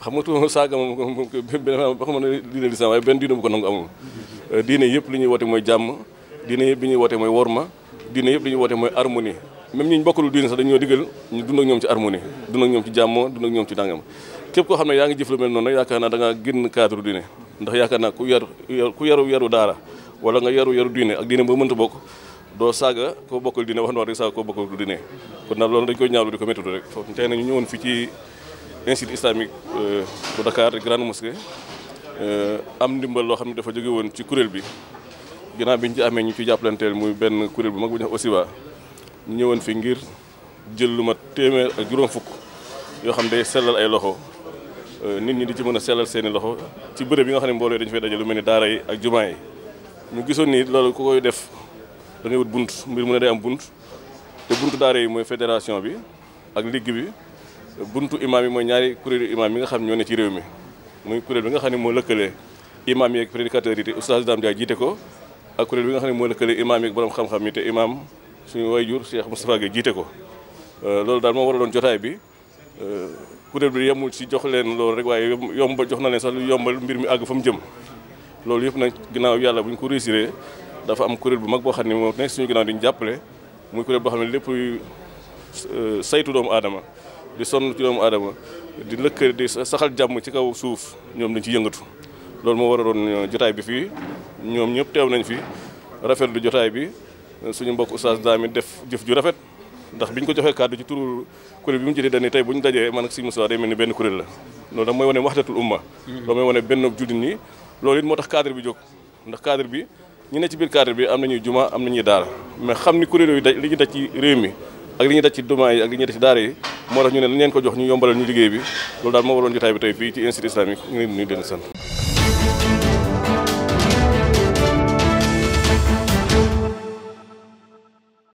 xam nga tu saaga moom ba xam ne diine lislaam waaye benn diine bu ko nangu euh, diine mooy jàmm diine yëpp yëpp woote mooy harmonie même ñi ñu bokkalul diine sax dañoo digal ñu dund ak ñoom ci harmonie dund ak ñoom ci jàmm dund ak ñoom ci xam ne yaa ngi jëf lu mel noonu yaakaar naa da ngaa génn cadre diine ndax yaakaar naa ku yaru ku wala nga yaru yaru diine ak diine ba mënta bokk doo saaga koo bokkal diine wax na wax rek saaga koo bokkal diine kon nag loolu dañ koy ñaawlu di ko méttudu rek foofu tey nañu ñëwoon ci institut islamique euh, bu Dakar grande mosquée euh, am ndimbal lo xamni dafa jóge won ci kuréel bi gina biñ ci amé ñu ci jàppalanteel muy ben kuréel bu mag bu ñu aussi waa ñu ñëwoon fi ngir jël lu mat téeméer ak juroom fukk yo xam day sellal ay loxo euh, nit ñi di ci mëna sellal loxo ci bëre bi nga xam mbolé dañ fay dajé lu melni ni daara yi ak jumaa yi ñu gisoon ni loolu ku koy def da ngay wut buntu mbir mu ne day am buntu te buntu daara yi mooy fédération bi ak ligue bi buntu imaam yi mooy ñaari kuréelu imaam yi nga xam ñoo ne ci réew mi muy kuréel bi nga xam ne moo lëkkalee imaam yeeg prédicateurs yi te oustaz Dame Dia jiite ko ak kuréel bi nga xam ne moo lëkkalee imaam yeeg borom xam-xam yi te imaam suñu wayjur Cheikh Moustapha Gueye jiite ko euh, loolu daal a waraloon jotaay bi euh, kuréel bi yemul ci jox leen loolu rek waaye yomb jox na leen sax lu yombal mbir mi àgg fa mu jëm loolu yëpp nag ginnaaw yàlla bu ñu ko réussiree dafa am kuréel bu mag boo xam ne moo nekk suñu ginnaaw di ñu jàppale muy kuréel boo xam ne lépp euh, saytu doomu aadama di sonn ci doomu adama di lekkere di saxal jamm ci kaw suuf ñom dañ ci yëngatu loolu moo waraloon euh, jotaay bi fi ñom ñëpp tew nañ fi rafet rafetlu jotaay bi suñu mbokk oustaz dami def jëf ju rafet ndax biñ ko joxe kaddu ci turu kuréel bi mu jëlee dañ tay buñu dajé man ak Sëñ Moussa day melni benn kuréel la lool da moy wane waxdatul umma mm-hmm. lool moy wane benn jullit ni lool it motax cadre bi jog ndax cadre bi ñi ne ci biir cadre bi am nañuy juma am nañuy daara mais xamni ni kuréel yooyu daj li ñu daj ci réew mi ak li ñu daj ci duma ak li ñu daj ci daara yi moo tax ñu ne nañ leen ko jox ñu yombalal ñu liggéey bi loolu daal moo waroon jotaay bi tey fii ci institut islamique ñu ngi leen di sant